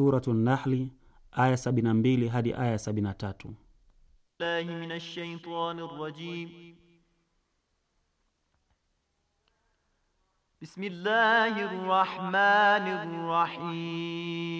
Suratu Nahli aya mbili hadi aya 73. Billahi minash Bismillahir rahmanir rahim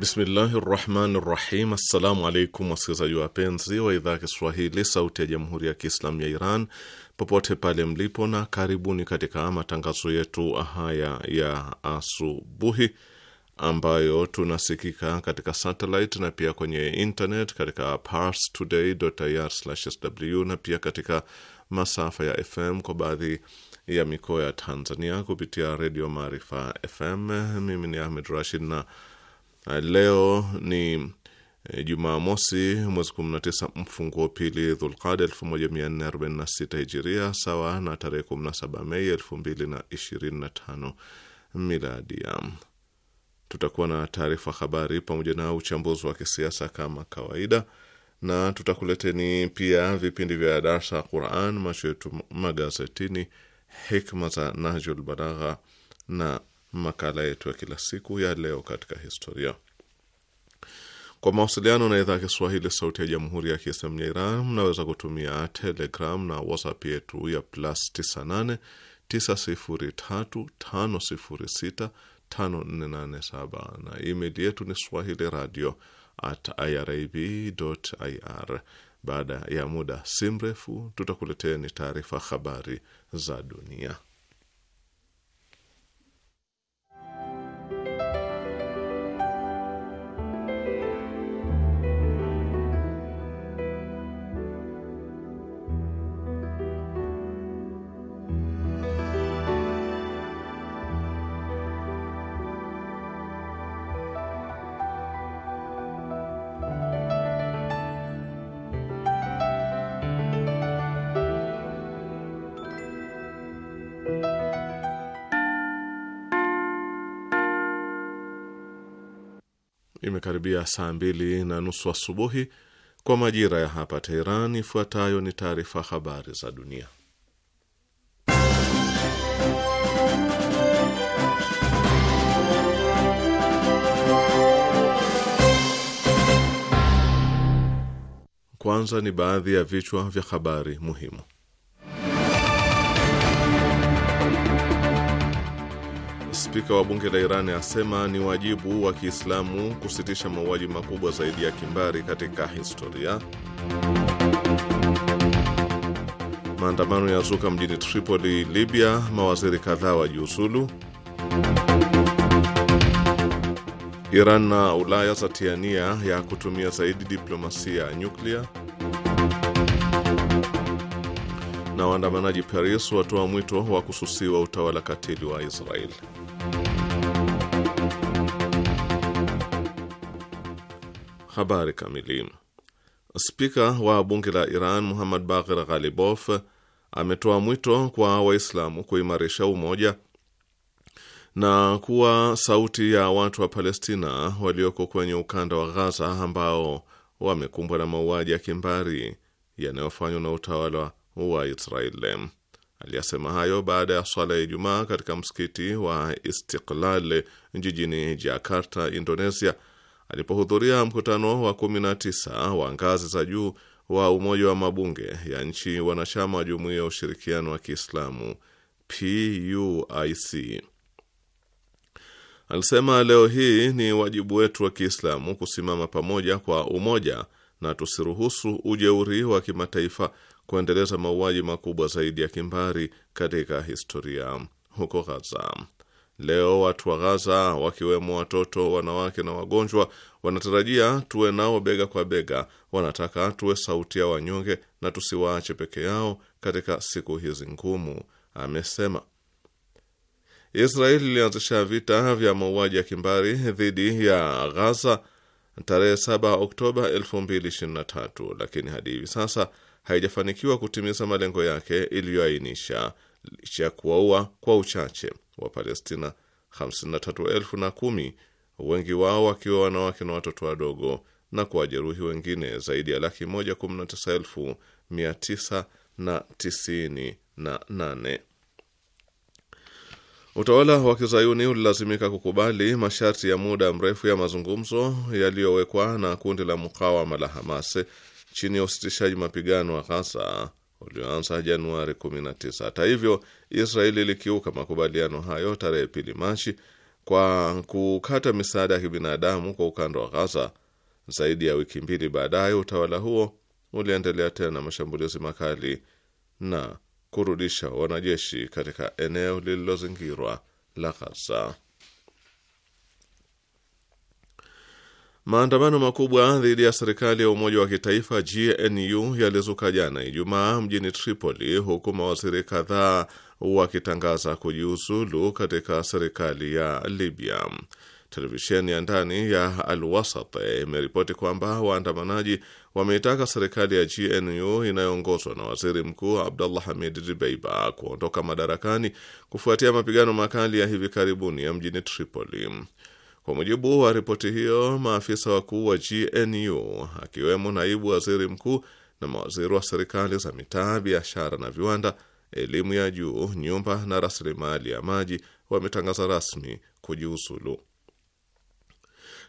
Bismillahi rahmani rahim. Assalamu alaikum wasikilizaji wapenzi wa idhaa ya Kiswahili sauti ya jamhuri ya Kiislamu ya Iran popote pale mlipo, na karibuni katika matangazo yetu haya ya asubuhi ambayo tunasikika katika satellite na pia kwenye internet katika parstoday.ir/sw na pia katika masafa ya FM kwa baadhi ya mikoa ya Tanzania kupitia redio Maarifa FM. Mimi ni Ahmed Rashid na Uh, leo ni eh, Jumamosi, mwezi 19 mfunguo pili Dhulqada 1446 Hijiria, sawa na tarehe 17 Mei 2025 Miladia. Um, tutakuwa na taarifa habari pamoja na uchambuzi wa kisiasa kama kawaida, na tutakuleteni pia vipindi vya darsa Quran, macho yetu magazetini, hikma za Nahjul Balagha na makala yetu ya kila siku ya leo katika historia. Kwa mawasiliano na idhaa ya Kiswahili sauti ya jamhuri ya Kiislamu ya Iran, mnaweza kutumia Telegram na WhatsApp yetu ya plus 98 na email yetu ni swahili radio at irib ir. Baada ya muda si mrefu, tutakuletea ni taarifa habari za dunia. imekaribia saa mbili na nusu asubuhi kwa majira ya hapa Teheran. Ifuatayo ni taarifa habari za dunia. Kwanza ni baadhi ya vichwa vya habari muhimu. Spika wa bunge la Iran asema ni wajibu wa Kiislamu kusitisha mauaji makubwa zaidi ya kimbari katika historia. Maandamano ya zuka mjini Tripoli, Libya, mawaziri kadhaa wajiuzulu. Iran na Ulaya zatia nia ya kutumia zaidi diplomasia ya nyuklia. Na waandamanaji Paris watoa mwito wa kususiwa utawala katili wa Israeli. Habari kamili. Spika wa bunge la Iran Muhammad Baqir Ghalibof ametoa mwito kwa Waislamu kuimarisha umoja na kuwa sauti ya watu wa Palestina walioko kwenye ukanda wa Ghaza ambao wamekumbwa na mauaji ya kimbari yanayofanywa na utawala wa Israeli. Aliyasema hayo baada ya swala ya Ijumaa katika msikiti wa Istiklal jijini Jakarta, Indonesia, alipohudhuria mkutano wa 19 wa ngazi za juu wa Umoja wa Mabunge ya Nchi Wanachama wa Jumuiya ya Ushirikiano wa Kiislamu PUIC. Alisema leo hii ni wajibu wetu wa Kiislamu kusimama pamoja kwa umoja na tusiruhusu ujeuri wa kimataifa kuendeleza mauaji makubwa zaidi ya kimbari katika historia huko Gaza. Leo watu wa Ghaza, wakiwemo watoto, wanawake na wagonjwa, wanatarajia tuwe nao bega kwa bega. Wanataka tuwe sauti ya wanyonge na tusiwaache peke yao katika siku hizi ngumu, amesema. Israeli ilianzisha vita vya mauaji ya kimbari dhidi ya Ghaza tarehe 7 Oktoba 2023 lakini hadi hivi sasa haijafanikiwa kutimiza malengo yake iliyoainisha licha ya kuwaua kwa uchache Palestina 53,010 wengi wao wakiwa wanawake na watoto wadogo na kuwajeruhi wengine zaidi ya laki moja na tisini na nane. Utawala wa kizayuni ulilazimika kukubali masharti ya muda mrefu ya mazungumzo yaliyowekwa na kundi la mukawama la Hamas chini ya usitishaji mapigano wa Ghaza ulioanza Januari 19. Hata hivyo, Israeli ilikiuka makubaliano hayo tarehe pili Machi kwa kukata misaada ya kibinadamu kwa ukanda wa Ghaza. Zaidi ya wiki mbili baadaye, utawala huo uliendelea tena mashambulizi makali na kurudisha wanajeshi katika eneo lililozingirwa la Ghaza. Maandamano makubwa dhidi ya serikali ya umoja wa kitaifa GNU yalizuka jana Ijumaa mjini Tripoli, huku mawaziri kadhaa wakitangaza kujiuzulu katika serikali ya Libya. Televisheni ya ndani ya Al Wasat imeripoti kwamba waandamanaji wameitaka serikali ya GNU inayoongozwa na waziri mkuu Abdullah Hamid Dibeiba kuondoka madarakani kufuatia mapigano makali ya hivi karibuni ya mjini Tripoli. Kwa mujibu wa ripoti hiyo, maafisa wakuu wa GNU akiwemo naibu waziri mkuu na mawaziri wa serikali za mitaa, biashara na viwanda, elimu ya juu, nyumba na rasilimali ya maji wametangaza rasmi kujiuzulu.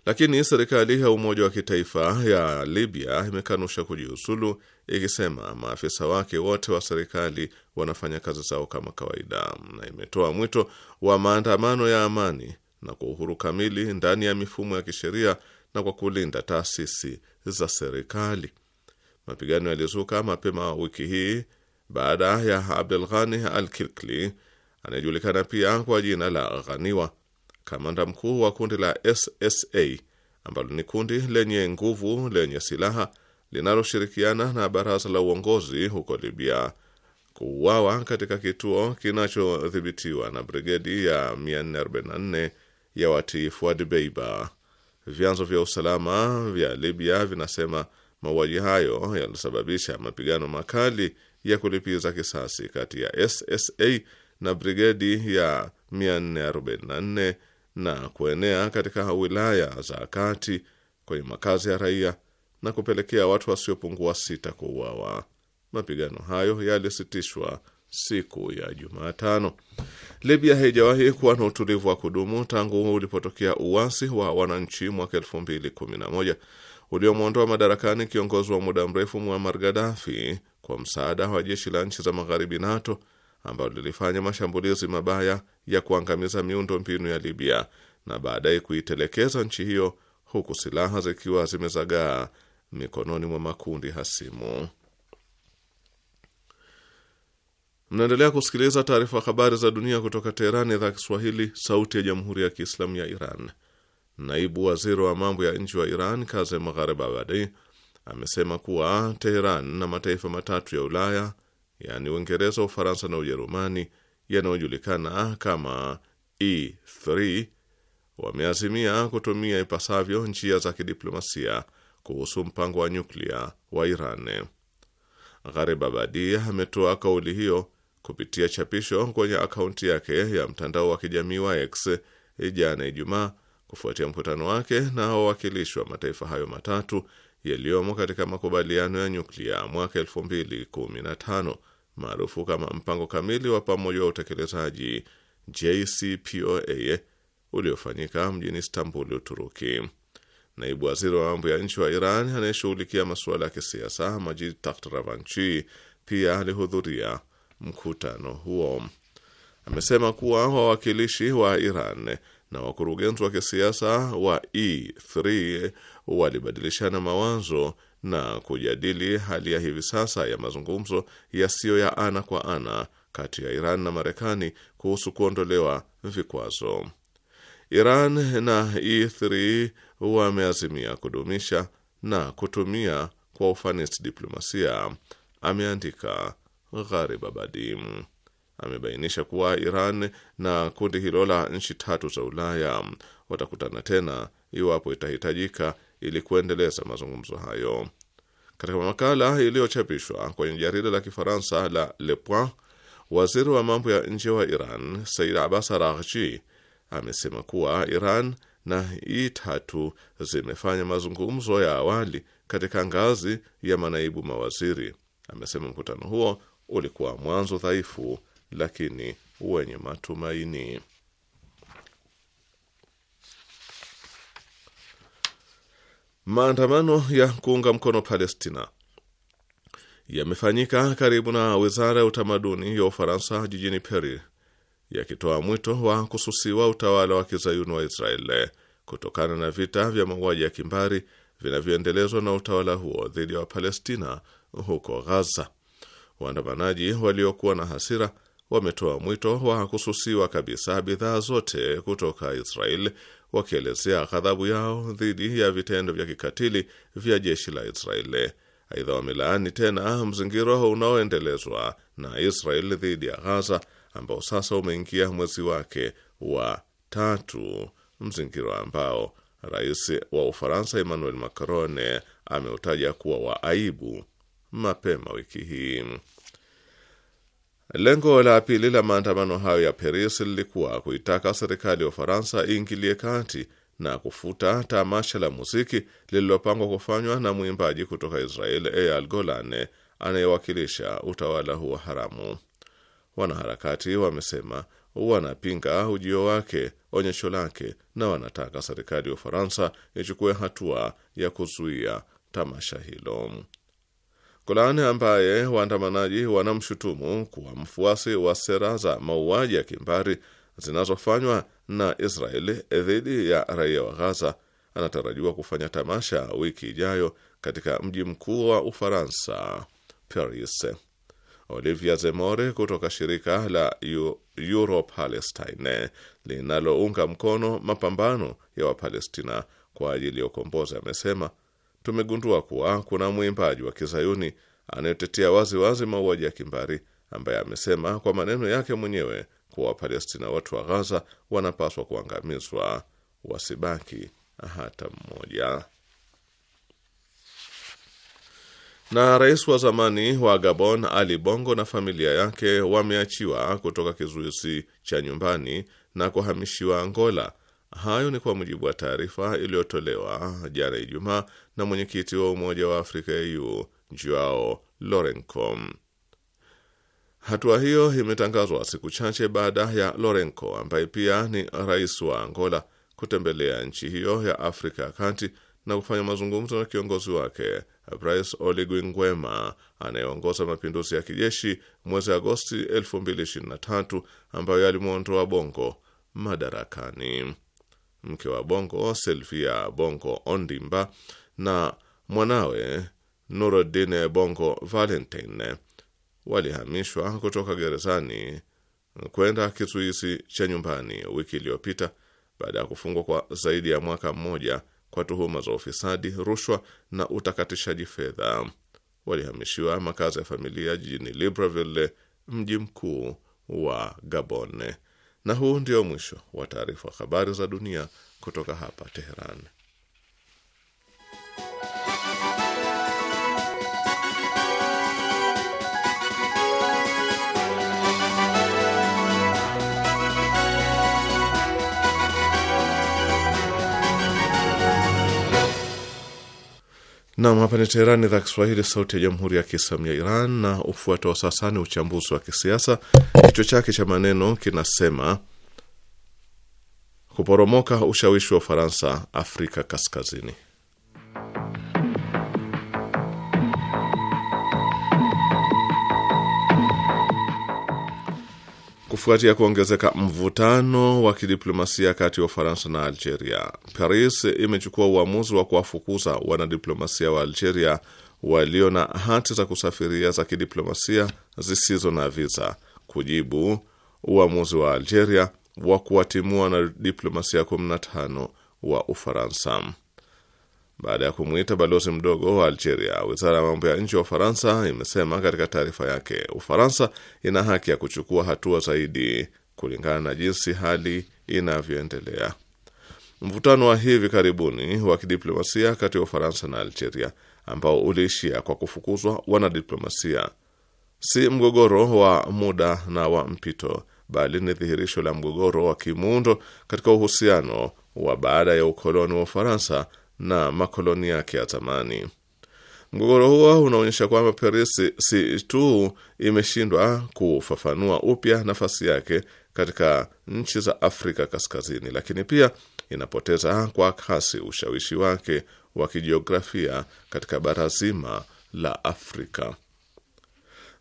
Lakini serikali ya umoja wa kitaifa ya Libya imekanusha kujiuzulu, ikisema maafisa wake wote wa serikali wanafanya kazi zao kama kawaida, na imetoa mwito wa maandamano ya amani na kwa uhuru kamili ndani ya mifumo ya kisheria na kwa kulinda taasisi za serikali. Mapigano yalizuka mapema wiki hii baada ya Abdul Ghani Al Kirkli anayejulikana pia kwa jina la Ghaniwa, kamanda mkuu wa kundi la SSA ambalo ni kundi lenye nguvu lenye silaha linaloshirikiana na baraza la uongozi huko Libya kuuawa katika kituo kinachodhibitiwa na brigedi ya 444 ya watiifu wa Dbeiba. Vyanzo vya usalama vya Libya vinasema mauaji hayo yalisababisha mapigano makali ya kulipiza kisasi kati ya SSA na brigedi ya 444 na kuenea katika wilaya za kati kwenye makazi ya raia na kupelekea watu wasiopungua sita kuuawa. Mapigano hayo yalisitishwa siku ya Jumatano. Libya haijawahi kuwa na utulivu wa kudumu tangu ulipotokea uwasi wa wananchi mwaka 2011 uliomwondoa madarakani kiongozi wa muda mrefu Muammar Gaddafi kwa msaada wa jeshi la nchi za magharibi NATO, ambalo lilifanya mashambulizi mabaya ya kuangamiza miundo mbinu ya Libya na baadaye kuitelekeza nchi hiyo huku silaha zikiwa zimezagaa mikononi mwa makundi hasimu. Mnaendelea kusikiliza taarifa habari za dunia kutoka Teherani, idhaa Kiswahili, sauti ya jamhuri ya kiislamu ya Iran. Naibu waziri wa mambo ya nje wa Iran, Kazem Gharibabadi, amesema kuwa Teheran na mataifa matatu ya Ulaya, yaani Uingereza, Ufaransa na Ujerumani, yanayojulikana kama E3 wameazimia kutumia ipasavyo njia za kidiplomasia kuhusu mpango wa nyuklia wa Iran. Gharibabadi ametoa kauli hiyo kupitia chapisho kwenye akaunti yake ya mtandao wa kijamii wa X jana Ijumaa, kufuatia mkutano wake na wawakilishi wa mataifa hayo matatu yaliyomo katika makubaliano ya nyuklia mwaka 2015 maarufu kama mpango kamili wa pamoja wa utekelezaji JCPOA uliofanyika mjini Istanbul, Uturuki. Naibu waziri wa mambo ya nchi wa Iran anayeshughulikia masuala ya kisiasa Majid Taht Ravanchi pia alihudhuria mkutano huo. Amesema kuwa wawakilishi wa Iran na wakurugenzi wa kisiasa wa E3 walibadilishana mawazo na kujadili hali ya hivi sasa ya mazungumzo yasiyo ya ana kwa ana kati ya Iran na Marekani kuhusu kuondolewa vikwazo. Iran na E3 wameazimia kudumisha na kutumia kwa ufanisi diplomasia, ameandika Gharib Abadi. Amebainisha kuwa Iran na kundi hilo la nchi tatu za Ulaya watakutana tena iwapo itahitajika ili kuendeleza mazungumzo hayo. Katika makala iliyochapishwa kwenye jarida la Kifaransa la Le Point, waziri wa mambo ya nje wa Iran Said Abbas Araghchi amesema kuwa Iran na i tatu zimefanya mazungumzo ya awali katika ngazi ya manaibu mawaziri. Amesema mkutano huo ulikuwa mwanzo dhaifu lakini wenye matumaini. Maandamano ya kuunga mkono Palestina yamefanyika karibu na wizara ya utamaduni ya Ufaransa jijini Paris, yakitoa mwito wa kususiwa utawala wa kizayuni wa Israel kutokana na vita vya mauaji ya kimbari vinavyoendelezwa na utawala huo dhidi ya Wapalestina huko Ghaza. Waandamanaji waliokuwa na hasira wametoa mwito wa kususiwa kabisa bidhaa zote kutoka Israel, wakielezea ghadhabu yao dhidi ya vitendo vya kikatili vya jeshi la Israeli. Aidha, wamelaani tena mzingiro unaoendelezwa na Israel dhidi ya Ghaza ambao sasa umeingia mwezi wake wa tatu, mzingiro ambao rais wa Ufaransa Emmanuel Macron ameutaja kuwa wa aibu mapema wiki hii. Lengo la pili la maandamano hayo ya Paris lilikuwa kuitaka serikali ya Ufaransa iingilie kati na kufuta tamasha la muziki lililopangwa kufanywa na mwimbaji kutoka Israel Eyal Golan anayewakilisha utawala huo haramu. Wanaharakati wamesema wanapinga ujio wake, onyesho lake, na wanataka serikali ya Ufaransa ichukue hatua ya kuzuia tamasha hilo. Skolani ambaye waandamanaji wanamshutumu kuwa mfuasi wa sera za mauaji ya kimbari zinazofanywa na Israeli dhidi ya raia wa Gaza anatarajiwa kufanya tamasha wiki ijayo katika mji mkuu wa Ufaransa, Paris. Olivia Zemore kutoka shirika la Euro Palestine linalounga mkono mapambano ya Wapalestina kwa ajili ya ukombozi amesema tumegundua kuwa kuna mwimbaji wa kizayuni anayetetea waziwazi mauaji ya kimbari ambaye amesema kwa maneno yake mwenyewe kuwa Wapalestina watu wa Ghaza wanapaswa kuangamizwa, wasibaki hata mmoja. Na rais wa zamani wa Gabon Ali Bongo na familia yake wameachiwa kutoka kizuizi cha nyumbani na kuhamishiwa Angola Hayo ni kwa mujibu wa taarifa iliyotolewa jana Ijumaa na mwenyekiti wa Umoja wa Afrika EU Joao Lourenco. Hatua hiyo imetangazwa siku chache baada ya Lourenco ambaye pia ni rais wa Angola kutembelea nchi hiyo ya Afrika ya Kati na kufanya mazungumzo na kiongozi wake Brice Oligui Nguema anayeongoza mapinduzi ya kijeshi mwezi Agosti 2023 ambayo yalimwondoa Bongo madarakani mke wa Bongo Selfia Bongo Ondimba na mwanawe Nuruddin Bongo Valentine walihamishwa kutoka gerezani kwenda kizuizi cha nyumbani wiki iliyopita baada ya kufungwa kwa zaidi ya mwaka mmoja kwa tuhuma za ufisadi, rushwa na utakatishaji fedha. Walihamishiwa makazi ya familia jijini Libreville, mji mkuu wa Gabon. Na huu ndio mwisho wa taarifa habari za dunia kutoka hapa Teheran. Nam, hapa ni Teherani, idhaa Kiswahili, sauti ya jamhuri ya kiislamu ya Iran. Na wa sasa ni uchambuzi wa kisiasa, kichwa chake cha maneno kinasema kuporomoka ushawishi wa Ufaransa Afrika Kaskazini. Kufuatia kuongezeka mvutano wa kidiplomasia kati ya Ufaransa na Algeria, Paris imechukua uamuzi wa kuwafukuza wanadiplomasia wa Algeria walio na hati za kusafiria za kidiplomasia zisizo na viza, kujibu uamuzi wa Algeria wa kuwatimua wanadiplomasia 15 wa Ufaransa baada ya kumwita balozi mdogo wa Algeria. Wizara ya mambo ya nje wa Ufaransa imesema katika taarifa yake, Ufaransa ina haki ya kuchukua hatua zaidi kulingana na jinsi hali inavyoendelea. Mvutano wa hivi karibuni wa kidiplomasia kati ya Ufaransa na Algeria ambao uliishia kwa kufukuzwa wanadiplomasia si mgogoro wa muda na wa mpito, bali ni dhihirisho la mgogoro wa kimuundo katika uhusiano wa baada ya ukoloni wa Ufaransa na makoloni yake ya zamani. Mgogoro huo unaonyesha kwamba Paris si tu imeshindwa kufafanua upya nafasi yake katika nchi za Afrika Kaskazini, lakini pia inapoteza kwa kasi ushawishi wake wa kijiografia katika bara zima la Afrika.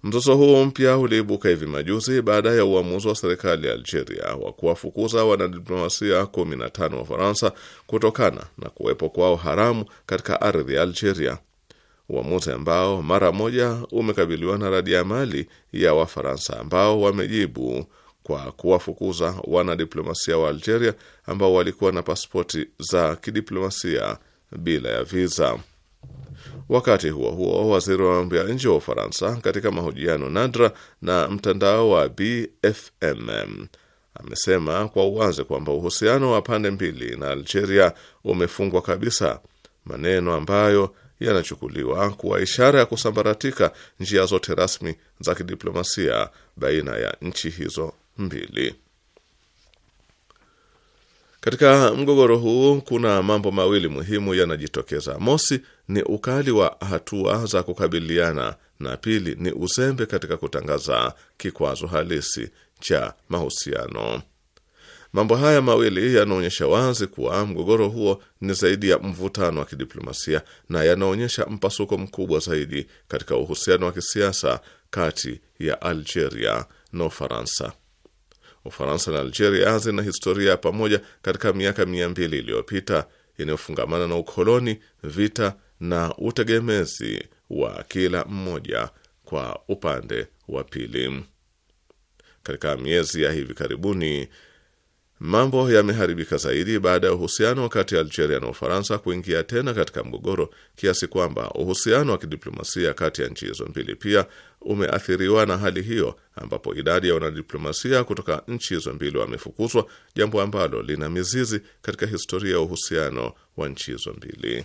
Mzozo huo mpya uliibuka hivi majuzi baada ya uamuzi wa serikali ya Algeria wa kuwafukuza wanadiplomasia 15 wa Ufaransa kutokana na kuwepo kwao haramu katika ardhi ya Algeria, uamuzi ambao mara moja umekabiliwa na radi ya Wafaransa ambao wamejibu kwa kuwafukuza wanadiplomasia wa Algeria ambao walikuwa na pasipoti za kidiplomasia bila ya viza. Wakati huo huo, waziri wa mambo ya nje wa Ufaransa katika mahojiano nadra na mtandao wa BFM amesema kwa uwazi kwamba uhusiano wa pande mbili na Algeria umefungwa kabisa, maneno ambayo yanachukuliwa kuwa ishara ya kusambaratika njia zote rasmi za kidiplomasia baina ya nchi hizo mbili. Katika mgogoro huu kuna mambo mawili muhimu yanajitokeza. Mosi ni ukali wa hatua za kukabiliana na pili ni uzembe katika kutangaza kikwazo halisi cha mahusiano. Mambo haya mawili yanaonyesha wazi kuwa mgogoro huo ni zaidi ya mvutano wa kidiplomasia na yanaonyesha mpasuko mkubwa zaidi katika uhusiano wa kisiasa kati ya Algeria na no Ufaransa. Ufaransa na Algeria zina historia ya pamoja katika miaka mia mbili iliyopita inayofungamana na ukoloni, vita na utegemezi wa kila mmoja kwa upande wa pili. Katika miezi ya hivi karibuni Mambo yameharibika zaidi baada ya uhusiano kati ya Algeria na Ufaransa kuingia tena katika mgogoro, kiasi kwamba uhusiano wa kidiplomasia kati ya nchi hizo mbili pia umeathiriwa na hali hiyo, ambapo idadi ya wanadiplomasia kutoka nchi hizo mbili wamefukuzwa, jambo ambalo lina mizizi katika historia ya uhusiano wa nchi hizo mbili.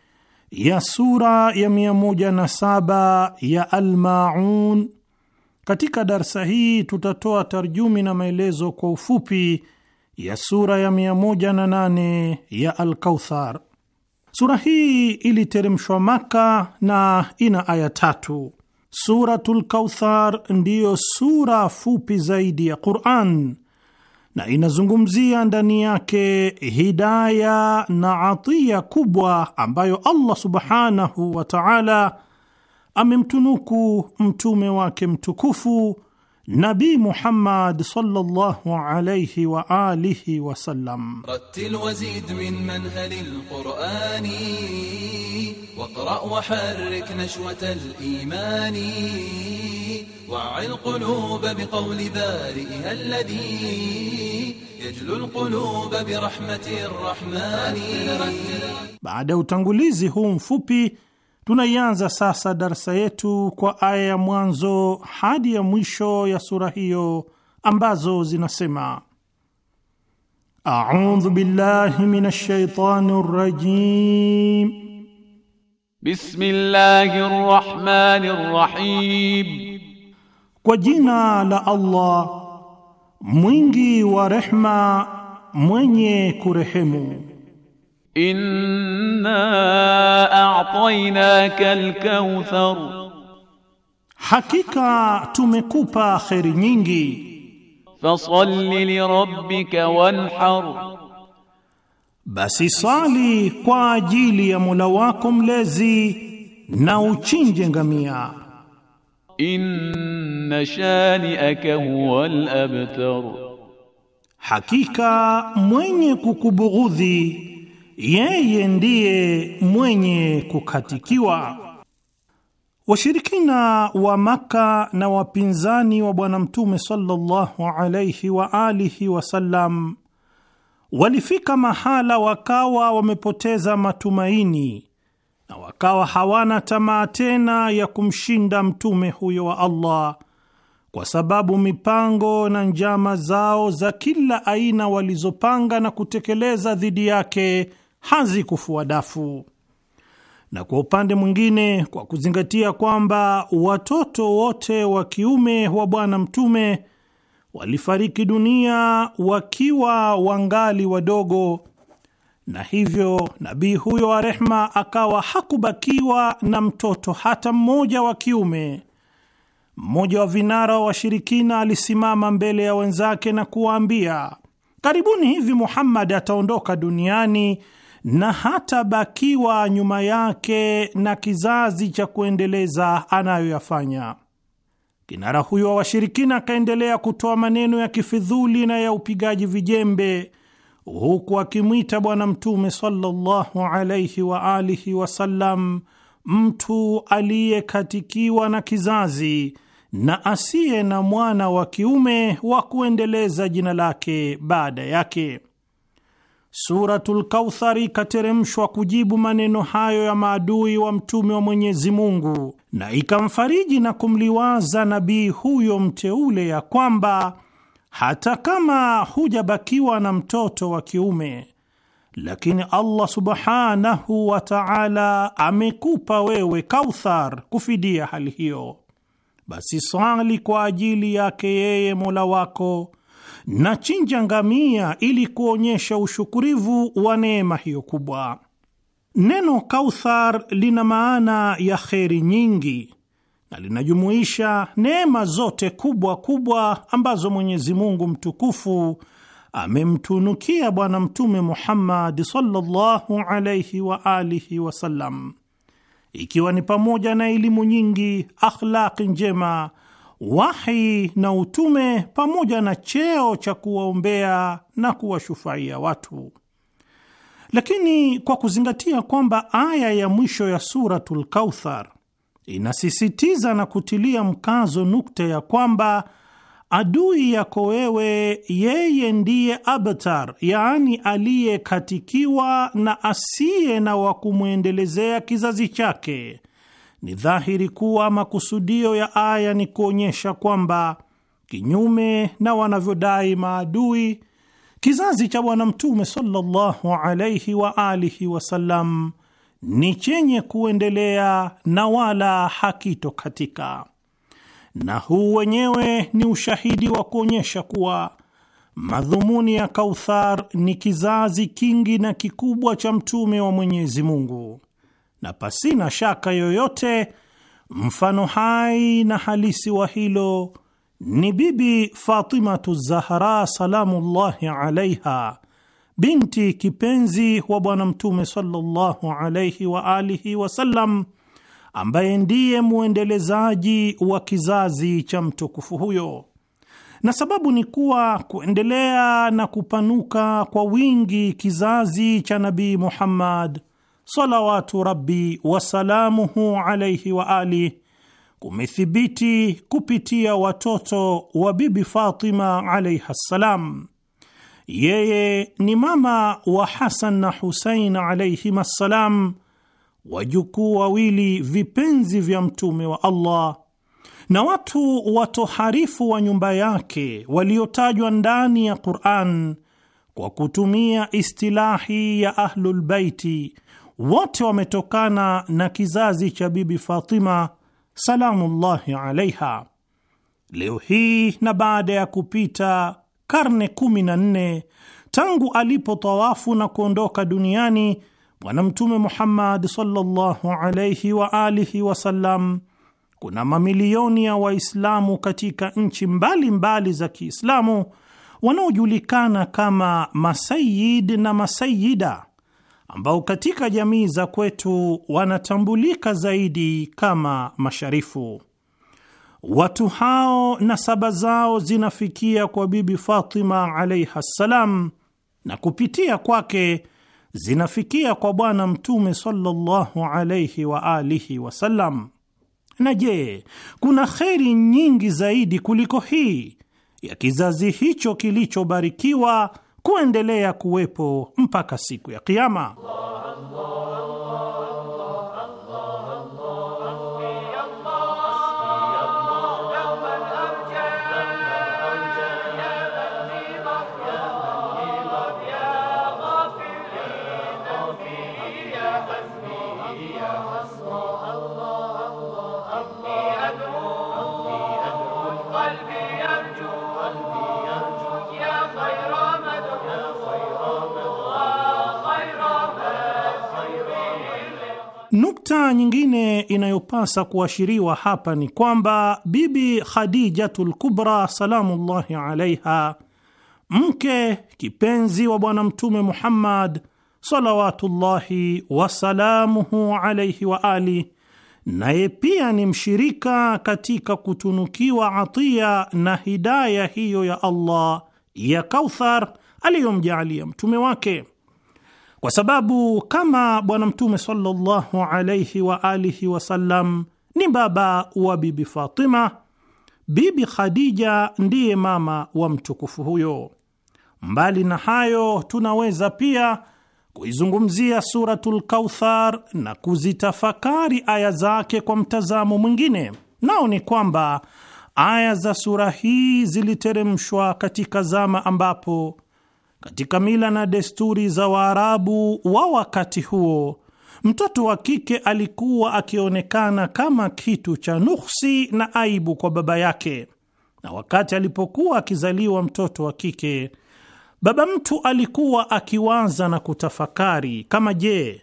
ya sura ya saba ya Almaun. Katika darsa hii tutatoa tarjumi na maelezo kwa ufupi ya sura ya nane ya Alkauthar. Sura hii iliteremshwa Maka na ina aya tatu. Suratul Kauthar ndiyo sura fupi zaidi ya Quran na inazungumzia ndani yake hidaya na atiya kubwa ambayo Allah subhanahu wa ta'ala amemtunuku mtume wake mtukufu نبي محمد صلى الله عليه وآله وسلم رتل وزيد من منهل القرآن واقرأ وحرك نشوة الإيمان وعي القلوب بقول بارئها الذي يجلو القلوب برحمة الرحمن بعد utangulizi huu فوبي Tunaianza sasa darsa yetu kwa aya ya mwanzo hadi ya mwisho ya sura hiyo ambazo zinasema: audhu billahi minash shaitani rajim, bismillahir rahmanir rahim, kwa jina la Allah mwingi wa rehma mwenye kurehemu inna a'tainaka al-kauthar, hakika tumekupa kheri nyingi. Fasalli lirabbika wanhar, basi sali kwa ajili ya Mola wako mlezi na uchinje ngamia. Inna shani'aka huwal abtar, hakika mwenye kukubughudhi yeye ndiye mwenye kukatikiwa. Washirikina wa Maka na wapinzani wa Bwana Mtume sallallahu alaihi wa alihi wasallam walifika mahala wakawa wamepoteza matumaini na wakawa hawana tamaa tena ya kumshinda mtume huyo wa Allah kwa sababu mipango na njama zao za kila aina walizopanga na kutekeleza dhidi yake hazikufua dafu, na kwa upande mwingine, kwa kuzingatia kwamba watoto wote wa kiume wa Bwana Mtume walifariki dunia wakiwa wangali wadogo, na hivyo nabii huyo wa rehma akawa hakubakiwa na mtoto hata mmoja wa kiume. Mmoja wa vinara wa washirikina alisimama mbele ya wenzake na kuwaambia, karibuni hivi Muhammad ataondoka duniani na hatabakiwa nyuma yake na kizazi cha kuendeleza anayoyafanya. Kinara huyo wa washirikina akaendelea kutoa maneno ya kifidhuli na ya upigaji vijembe, huku akimwita Bwana Mtume sallallahu alaihi wa alihi wasallam mtu aliyekatikiwa na kizazi na asiye na mwana wa kiume wa kuendeleza jina lake baada yake. Suratul Kauthari ikateremshwa kujibu maneno hayo ya maadui wa mtume wa Mwenyezi Mungu, na ikamfariji na kumliwaza nabii huyo mteule ya kwamba hata kama hujabakiwa na mtoto wa kiume, lakini Allah subhanahu wa ta'ala amekupa wewe Kauthar kufidia hali hiyo, basi sali kwa ajili yake yeye Mola wako nachinja ngamia ili kuonyesha ushukurivu wa neema hiyo kubwa. Neno Kauthar lina maana ya kheri nyingi na linajumuisha neema zote kubwa kubwa ambazo Mwenyezi Mungu mtukufu amemtunukia Bwana Mtume Muhammad sallallahu alayhi wa alihi wasallam, ikiwa ni pamoja na elimu nyingi, akhlaqi njema wahi na utume pamoja na cheo cha kuwaombea na kuwashufaia watu. Lakini kwa kuzingatia kwamba aya ya mwisho ya Suratul Kauthar inasisitiza na kutilia mkazo nukta ya kwamba adui yako wewe yeye ndiye abtar, yaani aliyekatikiwa na asiye na wa kumwendelezea kizazi chake ni dhahiri kuwa makusudio ya aya ni kuonyesha kwamba kinyume na wanavyodai maadui, kizazi cha Bwana Mtume sallallahu alaihi wa alihi wasallam ni chenye kuendelea na wala hakitokatika, na huu wenyewe ni ushahidi wa kuonyesha kuwa madhumuni ya Kauthar ni kizazi kingi na kikubwa cha mtume wa Mwenyezi Mungu na pasina shaka yoyote mfano hai na halisi wa hilo ni Bibi Fatimatu Zahara salamullahi alaiha, binti kipenzi wa Bwana Mtume sallallahu alaihi wa alihi wasallam, ambaye ndiye mwendelezaji wa kizazi cha mtukufu huyo, na sababu ni kuwa kuendelea na kupanuka kwa wingi kizazi cha Nabii Muhammad salawatu rabbi wasalamuhu alaihi wa ali kumethibiti kupitia watoto wa Bibi Fatima alaiha ssalam. Yeye ni mama wa Hasan na Husein alaihima assalam wajukuu wawili vipenzi vya Mtume wa Allah na watu watoharifu wa nyumba yake waliotajwa ndani ya Qur'an kwa kutumia istilahi ya baiti wote wametokana na kizazi cha Bibi Fatima salamullahi alaiha. Leo hii na baada ya kupita karne kumi na nne tangu alipotawafu na kuondoka duniani Bwana Mtume Muhammad sallallahu alaihi wa alihi wasallam, kuna mamilioni ya Waislamu katika nchi mbalimbali za Kiislamu wanaojulikana kama masayid na masayida ambao katika jamii za kwetu wanatambulika zaidi kama masharifu. Watu hao nasaba zao zinafikia kwa Bibi Fatima alaiha ssalam, na kupitia kwake zinafikia kwa Bwana Mtume sallallahu alaihi wa alihi wasallam. Na je, kuna kheri nyingi zaidi kuliko hii ya kizazi hicho kilichobarikiwa kuendelea kuwepo mpaka siku ya Kiama. Allah, Allah, Allah. Nukta nyingine inayopasa kuashiriwa hapa ni kwamba Bibi Khadijatul Kubra salamullahi alaiha, mke kipenzi wa Bwana Mtume Muhammad salawatullahi wasalamuhu alaihi wa ali, naye pia ni mshirika katika kutunukiwa atiya na hidaya hiyo ya Allah ya Kauthar aliyomjaalia mtume wake kwa sababu kama Bwana Mtume sallallahu alaihi wa alihi wasallam ni baba wa Bibi Fatima, Bibi Khadija ndiye mama wa mtukufu huyo. Mbali na hayo, tunaweza pia kuizungumzia Suratul Kauthar na kuzitafakari aya zake kwa mtazamo mwingine, nao ni kwamba aya za sura hii ziliteremshwa katika zama ambapo katika mila na desturi za Waarabu wa wakati huo, mtoto wa kike alikuwa akionekana kama kitu cha nuksi na aibu kwa baba yake, na wakati alipokuwa akizaliwa mtoto wa kike, baba mtu alikuwa akiwaza na kutafakari kama, je,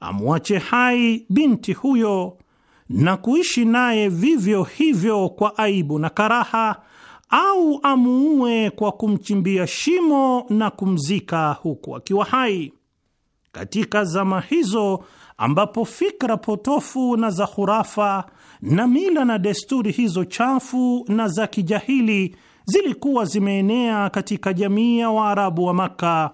amwache hai binti huyo na kuishi naye vivyo hivyo kwa aibu na karaha au amuue kwa kumchimbia shimo na kumzika huku akiwa hai. Katika zama hizo ambapo fikra potofu na za hurafa na mila na desturi hizo chafu na za kijahili zilikuwa zimeenea katika jamii ya Waarabu wa Makka,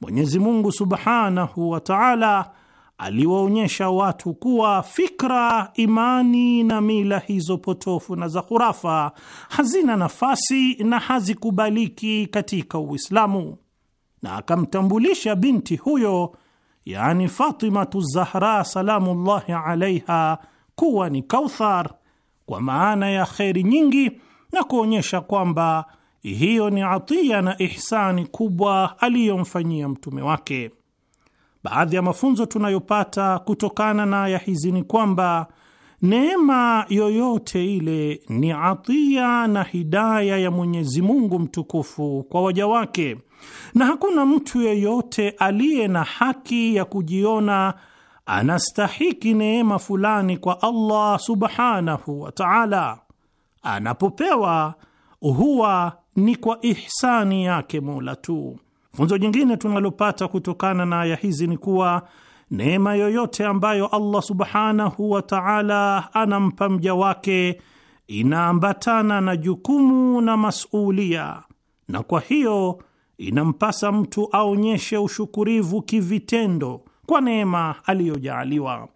Mwenyezi Mungu subhanahu wa taala aliwaonyesha watu kuwa fikra, imani na mila hizo potofu na za khurafa hazina nafasi na hazikubaliki katika Uislamu, na akamtambulisha binti huyo, yani Fatimatu Zahra salamullahi alaiha, kuwa ni Kauthar kwa maana ya kheri nyingi, na kuonyesha kwamba hiyo ni atiya na ihsani kubwa aliyomfanyia mtume wake. Baadhi ya mafunzo tunayopata kutokana na aya hizi ni kwamba neema yoyote ile ni atia na hidaya ya Mwenyezi Mungu mtukufu kwa waja wake, na hakuna mtu yeyote aliye na haki ya kujiona anastahiki neema fulani kwa Allah subhanahu wa ta'ala. Anapopewa huwa ni kwa ihsani yake Mola tu. Funzo jingine tunalopata kutokana na aya hizi ni kuwa neema yoyote ambayo Allah subhanahu wa taala anampa mja wake inaambatana na jukumu na masulia na kwa hiyo inampasa mtu aonyeshe ushukurivu kivitendo kwa neema aliyojaaliwa.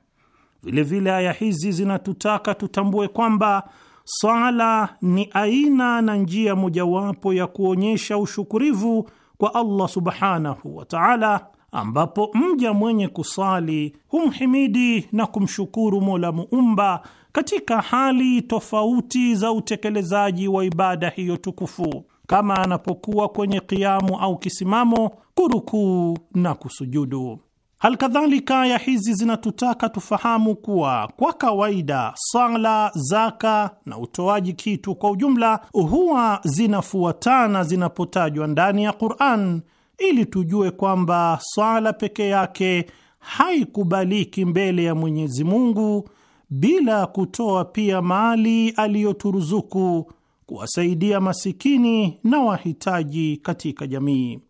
Vilevile aya hizi zinatutaka tutambue kwamba sala ni aina na njia mojawapo ya kuonyesha ushukurivu kwa Allah subhanahu wa ta'ala, ambapo mja mwenye kusali humhimidi na kumshukuru Mola muumba katika hali tofauti za utekelezaji wa ibada hiyo tukufu, kama anapokuwa kwenye kiamu au kisimamo, kurukuu na kusujudu. Halkadhalika, aya hizi zinatutaka tufahamu kuwa kwa kawaida sala, zaka na utoaji kitu kwa ujumla huwa zinafuatana zinapotajwa ndani ya Qur'an, ili tujue kwamba sala peke yake haikubaliki mbele ya Mwenyezi Mungu bila kutoa pia mali aliyoturuzuku kuwasaidia masikini na wahitaji katika jamii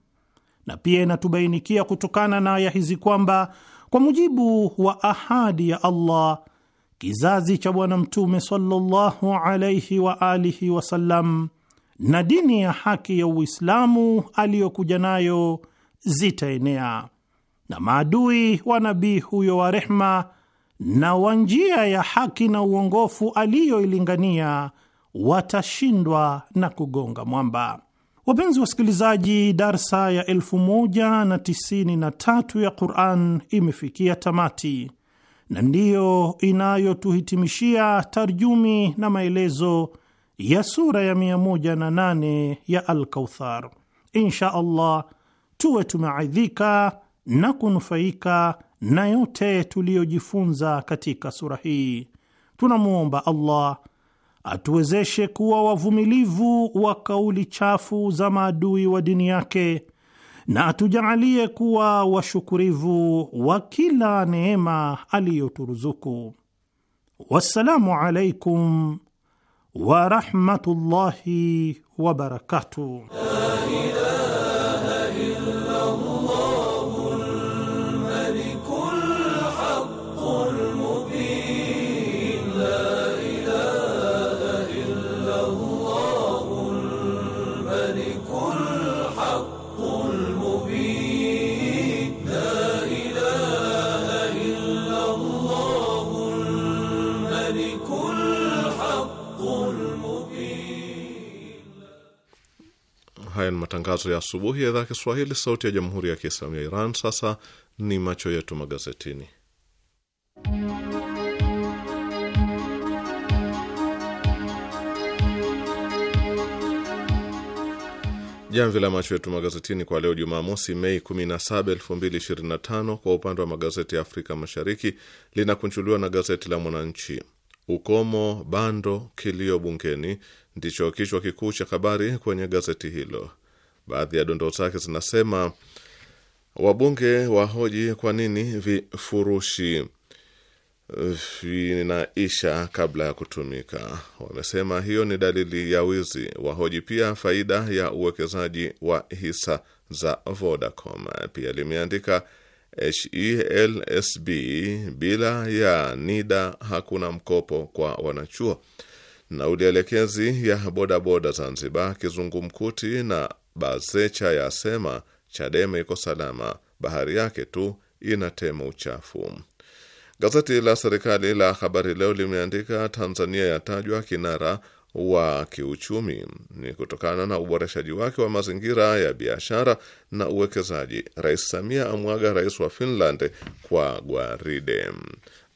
na pia inatubainikia kutokana na aya hizi kwamba kwa mujibu wa ahadi ya Allah, kizazi cha Bwana Mtume sallallahu alaihi wa alihi wasallam na dini ya haki ya Uislamu aliyokuja nayo zitaenea na maadui wa nabii huyo wa rehma na wa njia ya haki na uongofu aliyoilingania watashindwa na kugonga mwamba. Wapenzi wasikilizaji, darsa ya 1093 ya Quran imefikia tamati na ndiyo inayotuhitimishia tarjumi na maelezo ya sura ya 108 ya alkauthar Insha Allah tuwe tumeaidhika na kunufaika na yote tuliyojifunza katika sura hii. Tunamwomba Allah atuwezeshe kuwa wavumilivu wa kauli chafu za maadui wa dini yake na atujaalie kuwa washukurivu wa kila neema aliyoturuzuku. Wassalamu alaikum warahmatullahi wabarakatuh. Haya ni matangazo ya asubuhi ya idhaa ya Kiswahili, sauti ya jamhuri ya kiislamu ya Iran. Sasa ni macho yetu magazetini. Jamvi la macho yetu magazetini kwa leo Jumamosi, Mei 17, 2025, kwa upande wa magazeti ya Afrika Mashariki linakunjuliwa na gazeti la Mwananchi. Ukomo bando kilio bungeni ndicho kichwa kikuu cha habari kwenye gazeti hilo. Baadhi ya dondoo zake zinasema wabunge wahoji kwa nini vifurushi vinaisha kabla ya kutumika. Wamesema hiyo ni dalili ya wizi. Wahoji pia faida ya uwekezaji wa hisa za Vodacom. Pia limeandika HELSB bila ya NIDA hakuna mkopo kwa wanachuo. Nauli elekezi ya bodaboda Zanzibar, kizungumkuti na Bazecha yasema Chadema iko salama, bahari yake tu inatema uchafu. Gazeti la serikali la Habari Leo limeandika Tanzania yatajwa kinara wa kiuchumi ni kutokana na uboreshaji wake wa mazingira ya biashara na uwekezaji. Rais Samia amwaga rais wa Finland kwa gwaride.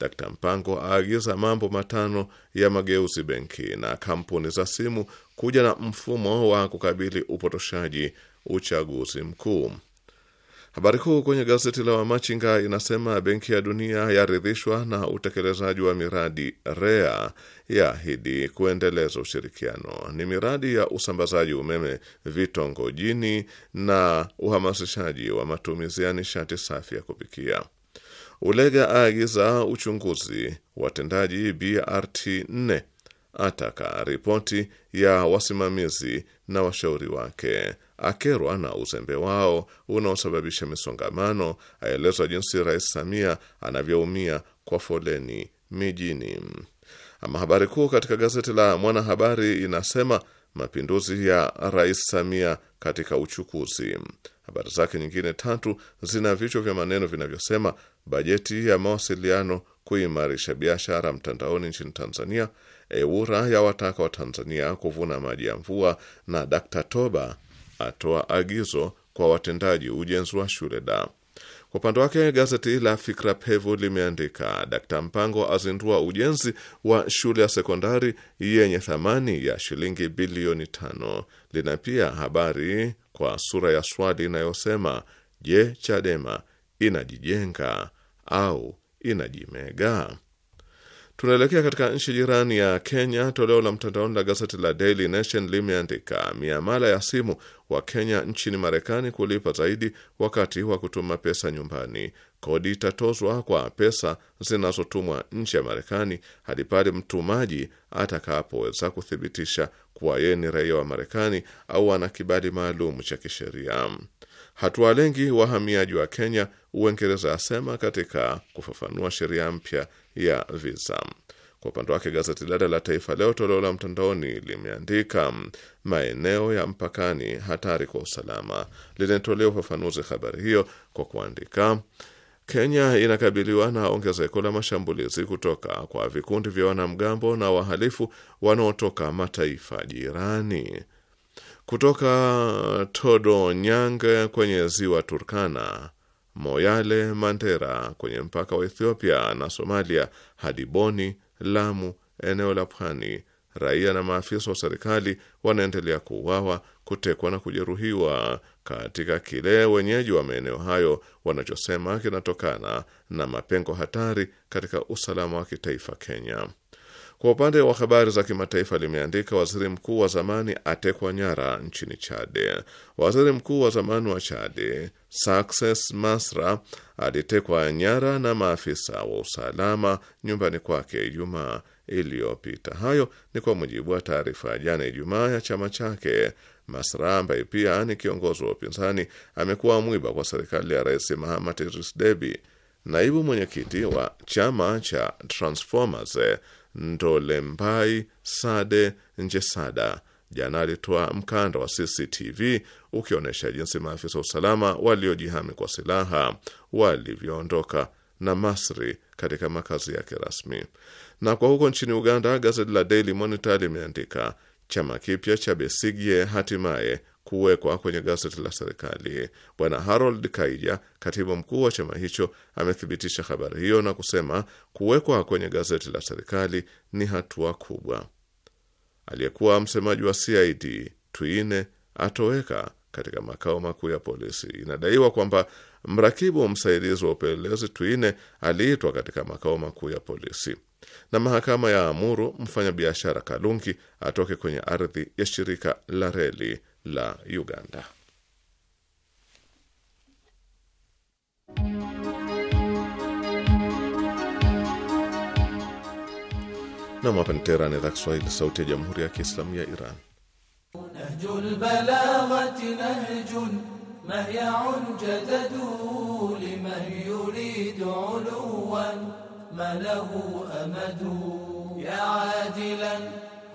Dkt Mpango aagiza mambo matano ya mageuzi benki, na kampuni za simu kuja na mfumo wa kukabili upotoshaji uchaguzi mkuu. Habari kuu kwenye gazeti la Wamachinga inasema Benki ya Dunia yaridhishwa na utekelezaji wa miradi REA, yaahidi kuendeleza ushirikiano. Ni miradi ya usambazaji umeme vitongojini na uhamasishaji wa matumizi ya nishati safi ya kupikia. Ulega aagiza uchunguzi watendaji BRT 4 ataka ripoti ya wasimamizi na washauri wake, akerwa na uzembe wao unaosababisha misongamano, aelezwa jinsi Rais Samia anavyoumia kwa foleni mijini. Ama habari kuu katika gazeti la Mwanahabari inasema mapinduzi ya Rais Samia katika uchukuzi. Habari zake nyingine tatu zina vichwa vya maneno vinavyosema bajeti ya mawasiliano kuimarisha biashara mtandaoni nchini Tanzania, EWURA wa tanzania kuvuna maji ya mvua, na Dkt Toba atoa agizo kwa watendaji ujenzi wa shule da. Kwa upande wake gazeti la Fikra Pevu limeandika Dkt Mpango azindua ujenzi wa shule ya sekondari yenye thamani ya shilingi bilioni tano. Lina pia habari kwa sura ya swali inayosema je, Chadema inajijenga au inajimega? Tunaelekea katika nchi jirani ya Kenya. Toleo la mtandaoni la gazeti la Daily Nation limeandika miamala ya simu wa Kenya nchini Marekani kulipa zaidi wakati wa kutuma pesa nyumbani. Kodi itatozwa kwa pesa zinazotumwa nje ya Marekani hadi pale mtumaji atakapoweza kuthibitisha kuwa yeye ni raia wa Marekani au ana kibali maalum cha kisheria. Hatuwalengi wahamiaji wa Kenya Uingereza asema katika kufafanua sheria mpya ya visa. Kwa upande wake gazeti dada la Taifa Leo toleo la mtandaoni limeandika maeneo ya mpakani hatari kwa usalama. Linatolea ufafanuzi habari hiyo kwa kuandika Kenya inakabiliwa na ongezeko la mashambulizi kutoka kwa vikundi vya wanamgambo na wahalifu wanaotoka mataifa jirani. Kutoka Nyanga kwenye ziwa Turkana Moyale Mandera kwenye mpaka wa Ethiopia na Somalia hadi Boni, Lamu, eneo la pwani. Raia na maafisa wa serikali wanaendelea kuuawa, kutekwa na kujeruhiwa katika kile wenyeji wa maeneo hayo wanachosema kinatokana na mapengo hatari katika usalama wa kitaifa Kenya. Kwa upande wa habari za kimataifa limeandika waziri mkuu wa zamani atekwa nyara nchini Chad. Waziri mkuu wa zamani wa Chad Success Masra alitekwa nyara na maafisa wa usalama nyumbani kwake Ijumaa iliyopita. Hayo ni kwa mujibu wa taarifa ya jana Ijumaa ya chama chake. Masra ambaye pia ni kiongozi wa upinzani amekuwa mwiba kwa serikali ya Rais Mahamat Idris Deby. Naibu mwenyekiti wa chama cha Transformers Ndolembai Sade Njesada jana alitoa mkanda wa CCTV ukionyesha jinsi maafisa wa usalama waliojihami kwa silaha walivyoondoka na Masri katika makazi yake rasmi. Na kwa huko nchini Uganda, gazeti la Daily Monitor limeandika chama kipya cha Besigye hatimaye kuwekwa kwenye gazeti la serikali. Bwana Harold Kaija, katibu mkuu wa chama hicho, amethibitisha habari hiyo na kusema kuwekwa kwenye gazeti la serikali ni hatua kubwa. Aliyekuwa msemaji wa CID Twine atoweka katika makao makuu ya polisi. Inadaiwa kwamba mrakibu msaidizi wa upelelezi Twine aliitwa katika makao makuu ya polisi na mahakama ya amuru mfanyabiashara Kalungi atoke kwenye ardhi ya shirika la reli la Uganda. Nam, hapa ni Teherani, idhaa Kiswahili, sauti ya jamhuri ya kiislamu ya Iran.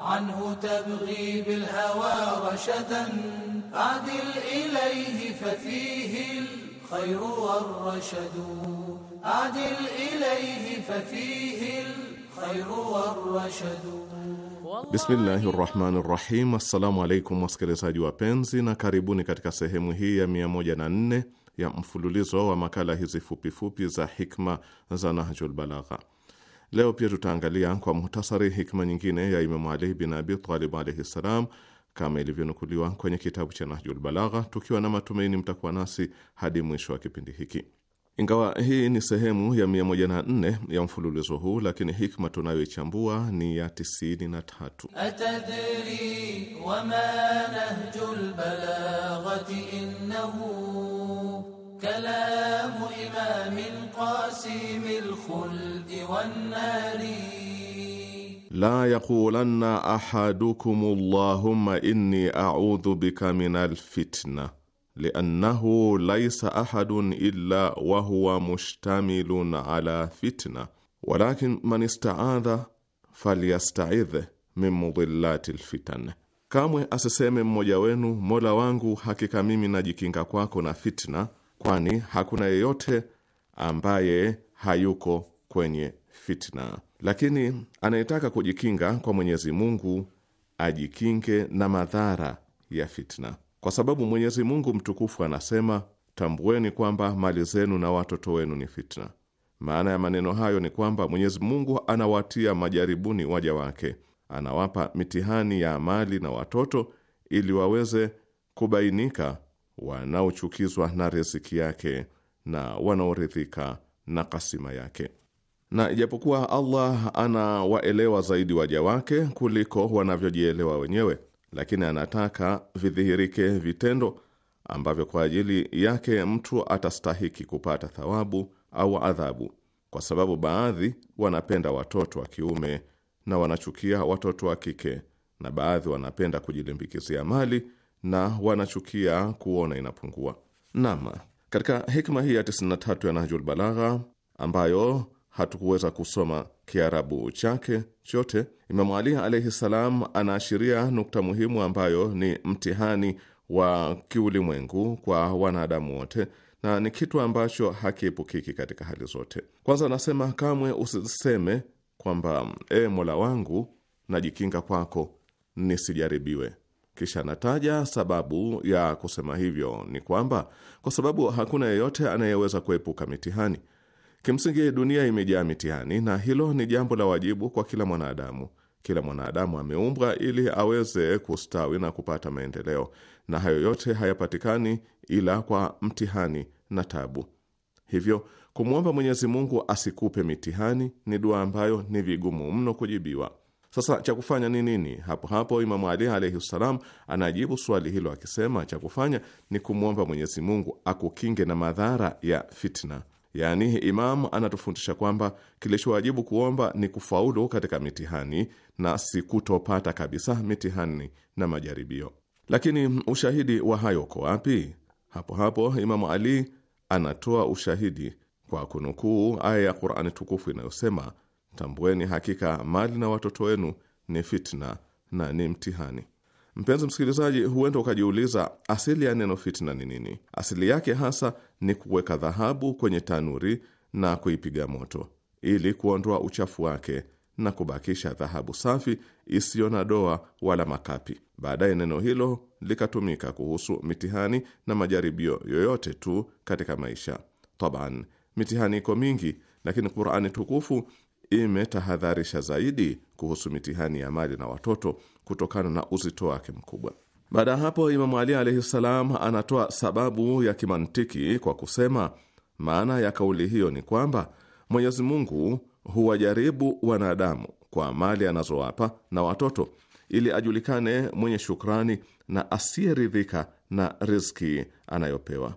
عنه تبغي بالهوى رشدا أعدل إليه ففيه الخير والرشد أعدل إليه ففيه الخير والرشد Bismillahi rahmani rahim. Assalamu alaikum wasikilizaji wapenzi, na karibuni katika sehemu hii ya 104 ya mfululizo wa makala hizi fupifupi za hikma za Nahjul Balagha. Leo pia tutaangalia kwa muhtasari hikma nyingine ya Imamu Ali bin Abi Talib alaihi ssalam kama ilivyonukuliwa kwenye kitabu cha Nahjul Balagha, tukiwa na matumaini mtakuwa nasi hadi mwisho wa kipindi hiki. Ingawa hii ni sehemu ya 104 ya mfululizo huu, lakini hikma tunayoichambua ni ya 93. Atadri nahjul balaghati innahu كلام إمام قاسم الخلد والنار لا يقولن أحدكم اللهم إني أعوذ بك من الفتنة لأنه ليس أحد إلا وهو مشتمل على فتنة ولكن من استعاذ فليستعذ min mudhillati lfitan, kamwe asiseme mmoja wenu mola wangu, hakika mimi najikinga kwako na fitna, kwani hakuna yeyote ambaye hayuko kwenye fitna. Lakini anayetaka kujikinga kwa Mwenyezi Mungu ajikinge na madhara ya fitna, kwa sababu Mwenyezi Mungu mtukufu anasema, tambueni kwamba mali zenu na watoto wenu ni fitna. Maana ya maneno hayo ni kwamba Mwenyezi Mungu anawatia majaribuni waja wake, anawapa mitihani ya mali na watoto ili waweze kubainika wanaochukizwa na riziki yake na wanaoridhika na kasima yake. Na ijapokuwa Allah anawaelewa zaidi waja wake kuliko wanavyojielewa wenyewe, lakini anataka vidhihirike vitendo ambavyo kwa ajili yake mtu atastahiki kupata thawabu au adhabu, kwa sababu baadhi wanapenda watoto wa kiume na wanachukia watoto wa kike, na baadhi wanapenda kujilimbikizia mali na wanachukia kuona inapungua. Naam, katika hikma hii ya 93 ya Nahjul Balagha ambayo hatukuweza kusoma Kiarabu chake chote, Imamu Ali alaihi salam anaashiria nukta muhimu ambayo ni mtihani wa kiulimwengu kwa wanadamu wote na ni kitu ambacho hakiepukiki katika hali zote. Kwanza anasema kamwe usiseme kwamba e, Mola wangu najikinga kwako nisijaribiwe. Kisha anataja sababu ya kusema hivyo ni kwamba kwa sababu hakuna yeyote anayeweza kuepuka mitihani. Kimsingi, dunia imejaa mitihani, na hilo ni jambo la wajibu kwa kila mwanadamu. Kila mwanadamu ameumbwa ili aweze kustawi na kupata maendeleo, na hayo yote hayapatikani ila kwa mtihani na tabu. Hivyo kumwomba Mwenyezi Mungu asikupe mitihani ni dua ambayo ni vigumu mno kujibiwa. Sasa cha kufanya ni nini? Hapo hapo Imamu Ali alaihi ssalam anajibu swali hilo akisema, cha kufanya ni kumwomba Mwenyezi Mungu akukinge na madhara ya fitna. Yaani, Imamu anatufundisha kwamba kilichowajibu kuomba ni kufaulu katika mitihani na si kutopata kabisa mitihani na majaribio. Lakini ushahidi wa hayo uko wapi? Hapo hapo Imamu Ali anatoa ushahidi kwa kunukuu aya ya Qur'ani tukufu inayosema Tambueni hakika mali na watoto wenu ni fitna na ni mtihani. Mpenzi msikilizaji, huenda ukajiuliza asili ya neno fitna ni nini? Asili yake hasa ni kuweka dhahabu kwenye tanuri na kuipiga moto ili kuondoa uchafu wake na kubakisha dhahabu safi isiyo na doa wala makapi. Baadaye neno hilo likatumika kuhusu mitihani na majaribio yoyote tu katika maisha. Taban, mitihani iko mingi, lakini Qur'ani tukufu imetahadharisha zaidi kuhusu mitihani ya mali na watoto kutokana na uzito wake mkubwa. Baada ya hapo, Imamu Ali alaihi ssalam anatoa sababu ya kimantiki kwa kusema, maana ya kauli hiyo ni kwamba Mwenyezi Mungu huwajaribu wanadamu kwa mali anazowapa na watoto ili ajulikane mwenye shukrani na asiyeridhika na riziki anayopewa.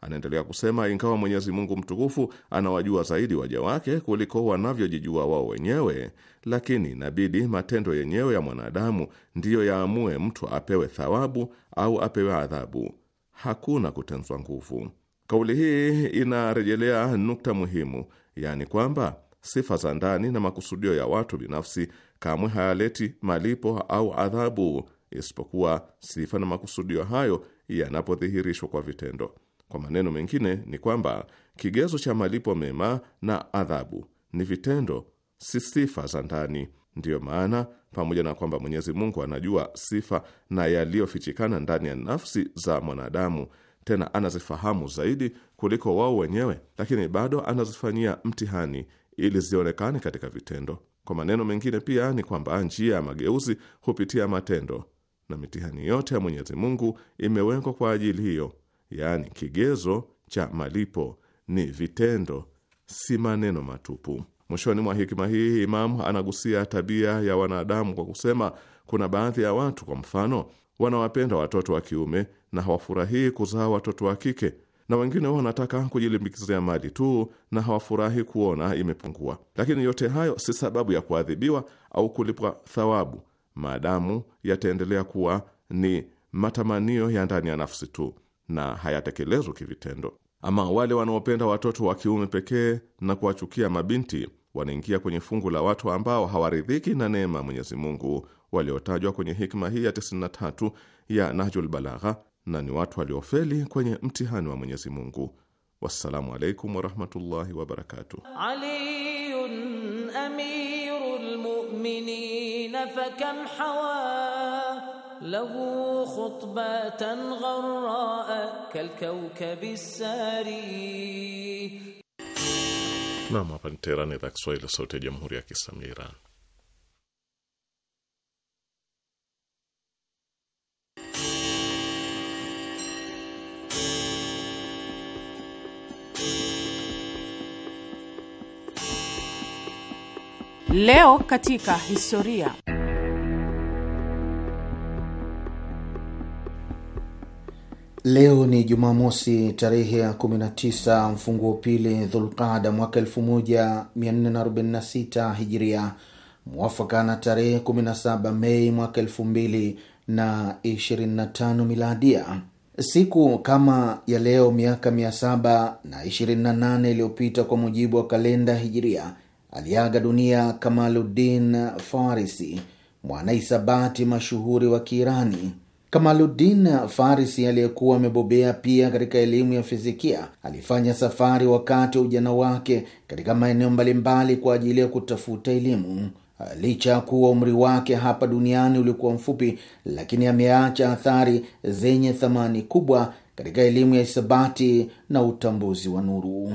Anaendelea kusema ingawa Mwenyezi Mungu mtukufu anawajua zaidi waja wake kuliko wanavyojijua wao wenyewe, lakini inabidi matendo yenyewe ya mwanadamu ndiyo yaamue mtu apewe thawabu au apewe adhabu. Hakuna kutenzwa nguvu. Kauli hii inarejelea nukta muhimu, yaani kwamba sifa za ndani na makusudio ya watu binafsi kamwe hayaleti malipo au adhabu, isipokuwa sifa na makusudio hayo yanapodhihirishwa kwa vitendo. Kwa maneno mengine ni kwamba kigezo cha malipo mema na adhabu ni vitendo, si sifa za ndani. Ndiyo maana pamoja na kwamba Mwenyezi Mungu anajua sifa na yaliyofichikana ndani ya nafsi za mwanadamu, tena anazifahamu zaidi kuliko wao wenyewe, lakini bado anazifanyia mtihani ili zionekane katika vitendo. Kwa maneno mengine pia ni kwamba njia ya mageuzi hupitia matendo, na mitihani yote ya Mwenyezi Mungu imewekwa kwa ajili hiyo yaani kigezo cha malipo ni vitendo, si maneno matupu. Mwishoni mwa hikima hii, Imamu anagusia tabia ya wanadamu kwa kusema, kuna baadhi ya watu, kwa mfano, wanawapenda watoto wa kiume na hawafurahii kuzaa watoto wa kike, na wengine wanataka kujilimbikizia mali tu na hawafurahi kuona imepungua. Lakini yote hayo si sababu ya kuadhibiwa au kulipwa thawabu, maadamu yataendelea kuwa ni matamanio ya ndani ya nafsi tu na hayatekelezwi kivitendo. Ama wale wanaopenda watoto wa kiume pekee na kuwachukia mabinti wanaingia kwenye fungu la watu ambao hawaridhiki na neema Mwenyezi Mungu waliotajwa kwenye hikma hii ya 93 ya Nahjul Balagha, na ni watu waliofeli kwenye mtihani wa Mwenyezi Mungu. Wassalamu alaikum warahmatullahi wabarakatuh. Aliyun amirul mu'minin fakam hawa له خطبة غراء كالكوكب الساري Naam, hapa ni Teherani, idhaa Kiswahili, sauti ya jamhuri Leo katika historia Leo ni Jumamosi, tarehe ya 19 mfunguo pili Dhulqada mwaka 1446 Hijria, mwafaka na tarehe 17 Mei mwaka 2025 Miladia. Siku kama ya leo miaka 728 iliyopita kwa mujibu wa kalenda Hijria, aliaga dunia Kamaluddin Farisi, mwanaisabati mashuhuri wa Kiirani kamaludin Farisi aliyekuwa amebobea pia katika elimu ya fizikia alifanya safari wakati wa ujana wake katika maeneo mbalimbali kwa ajili ya kutafuta elimu. Licha ya kuwa umri wake hapa duniani ulikuwa mfupi, lakini ameacha athari zenye thamani kubwa katika elimu ya hisabati na utambuzi wa nuru.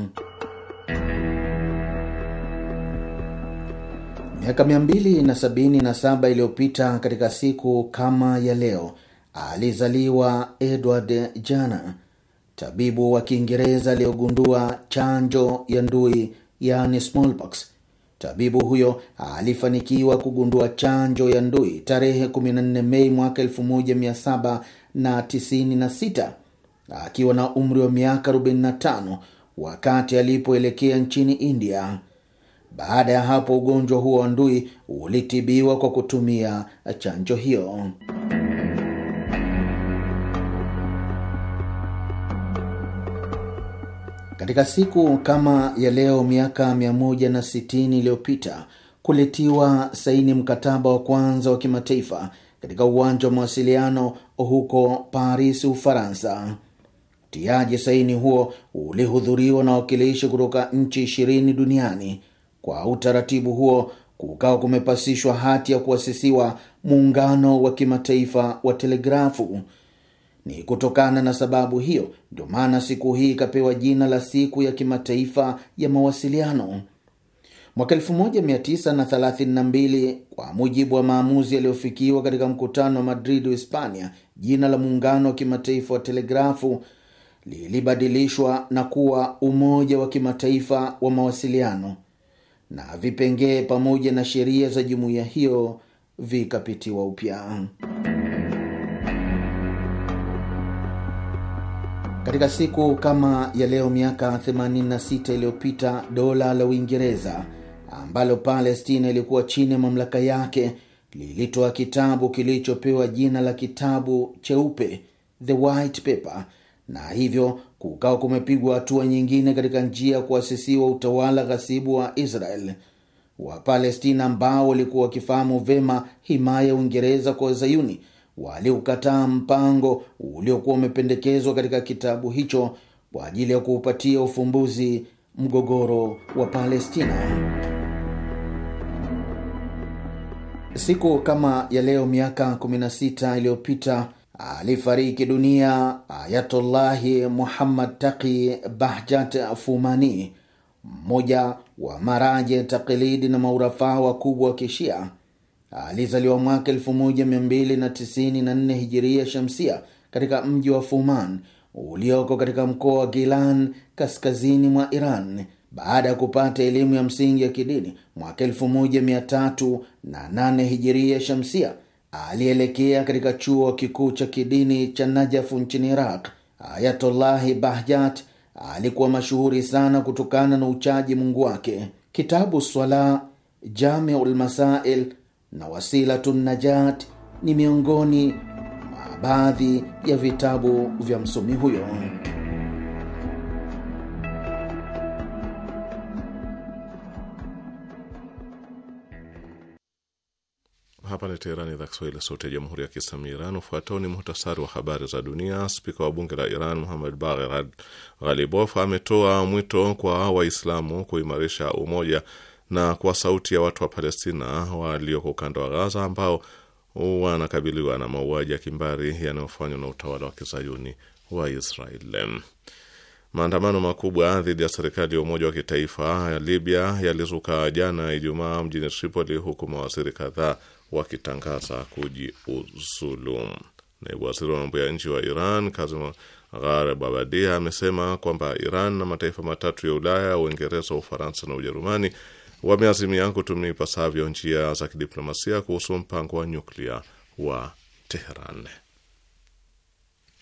Miaka 277 iliyopita katika siku kama ya leo alizaliwa Edward Jenner, tabibu wa Kiingereza aliyogundua chanjo ya ndui, yani smallpox. Tabibu huyo alifanikiwa kugundua chanjo ya ndui tarehe 14 Mei mwaka 1796 akiwa na umri wa miaka 45 wakati alipoelekea nchini India. Baada ya hapo, ugonjwa huo wa ndui ulitibiwa kwa kutumia chanjo hiyo. Katika siku kama ya leo miaka 160 iliyopita kuletiwa saini mkataba wa kwanza wa kimataifa katika uwanja wa mawasiliano huko Paris, Ufaransa. Utiaji saini huo ulihudhuriwa na wakilishi kutoka nchi ishirini duniani. Kwa utaratibu huo kukawa kumepasishwa hati ya kuasisiwa muungano wa kimataifa wa telegrafu ni kutokana na sababu hiyo ndio maana siku hii ikapewa jina la siku ya kimataifa ya mawasiliano. Mwaka 1932 kwa mujibu wa maamuzi yaliyofikiwa katika mkutano wa Madrid, Hispania, jina la muungano wa kimataifa wa telegrafu lilibadilishwa na kuwa Umoja wa Kimataifa wa Mawasiliano, na vipengee pamoja na sheria za jumuiya hiyo vikapitiwa upya. Katika siku kama ya leo miaka 86 iliyopita, dola la Uingereza ambalo Palestina ilikuwa chini ya mamlaka yake lilitoa kitabu kilichopewa jina la kitabu cheupe, the white paper, na hivyo kukawa kumepigwa hatua nyingine katika njia ya kuasisiwa utawala ghasibu wa Israel. Wapalestina ambao walikuwa wakifahamu vema himaya ya Uingereza kwa Zayuni waliukataa mpango uliokuwa umependekezwa katika kitabu hicho kwa ajili ya kuupatia ufumbuzi mgogoro wa Palestina. Siku kama ya leo miaka 16 iliyopita alifariki dunia Ayatollahi Muhammad Taqi Bahjat Fumani, mmoja wa maraje taklidi na maurafaa wakubwa wa Kishia alizaliwa mwaka 1294 hijiria shamsia katika mji wa Fuman ulioko katika mkoa wa Gilan kaskazini mwa Iran. Baada ya kupata elimu ya msingi ya kidini mwaka nane hijiria shamsia, alielekea katika chuo kikuu cha kidini cha Najafu nchini Iraq. Ayatollahi Bahjat alikuwa mashuhuri sana kutokana na uchaji Mungu wake. Kitabu Swala, Jamiul Masail na Wasilatu Najat ni miongoni mwa baadhi ya vitabu vya msomi huyo. Hapa ni Teherani, idhaa Kiswahili, sauti ya jamhuri ya kiislamu ya Iran. Ufuatao ni muhtasari wa habari za dunia. Spika wa bunge la Iran Muhammad Bagher ghalibof ametoa mwito kwa Waislamu kuimarisha umoja na kwa sauti ya watu wa Palestina walioko ukanda wa Gaza ambao wanakabiliwa na mauaji ya kimbari yanayofanywa na utawala wa kizayuni wa Israel. Maandamano makubwa dhidi ya serikali ya umoja wa kitaifa ya Libya yalizuka jana Ijumaa mjini Tripoli, huku mawaziri kadhaa wakitangaza kujiuzulu. Naibu waziri wa mambo ya nchi wa Iran Kazim Ghar Babadia amesema kwamba Iran na mataifa matatu ya Ulaya, Uingereza, Ufaransa na Ujerumani wameazimia kutumia ipasavyo njia za kidiplomasia kuhusu mpango wa nyuklia wa Teheran